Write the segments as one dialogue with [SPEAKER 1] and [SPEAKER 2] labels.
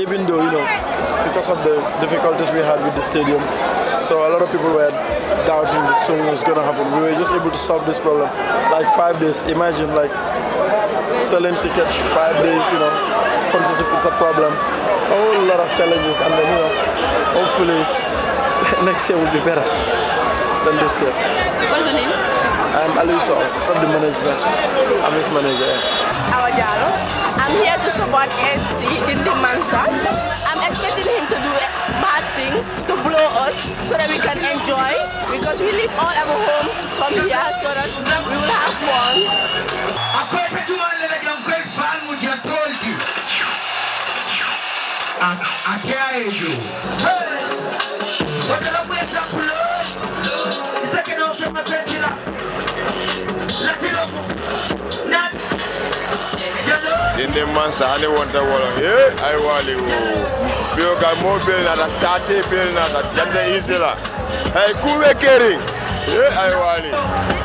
[SPEAKER 1] even though, you know, because of the difficulties we had with the stadium, so a lot of people were doubting that soon was going to happen. We were just able to solve this problem. Like five days, imagine like selling tickets five days, you know, sponsorship is a problem. A whole lot of challenges and then, you know, hopefully next year will be better than this year. What's your name? I'm Aliso, from the management. I'm his manager. Awajalo. I'm here to support SD the Mansa. I'm expecting him to do a bad thing to blow us so that we can enjoy because we leave all our home come here so that we will have fun. Até aí, Ju. I want the Yeah, mansa ani wonta wolo ye ay wali wo biyo ka mo bel na ta sate bel na ta jande isela ay kuwe keri ye ay wali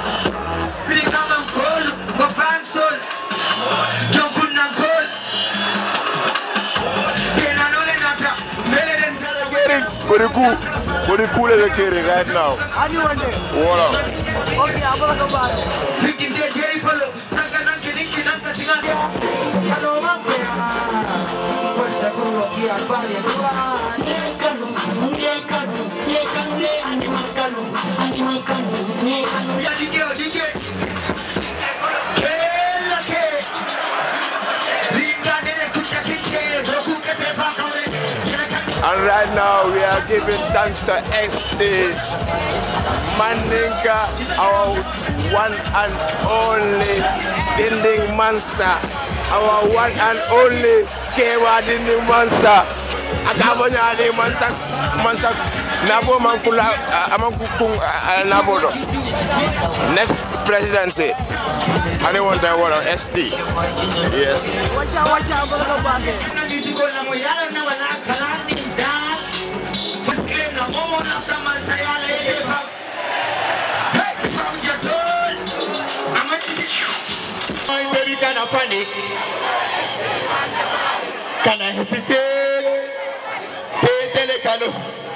[SPEAKER 1] Kodiku, Kodiku is a kid right now. Anyone there? What up? Okay, I'm gonna go back. And right now we are giving thanks to SD Maninka, our one and only Dinding Mansa our one and only Kewadi Nimansa. Akabonya Nimansa, Mansa, Nabo Mankula, Amankukung, uh, uh, uh, Nabodo. Next presidency. Anyone that want ST. Yes. baby, can I panic? Can I hesitate? Tell, tell,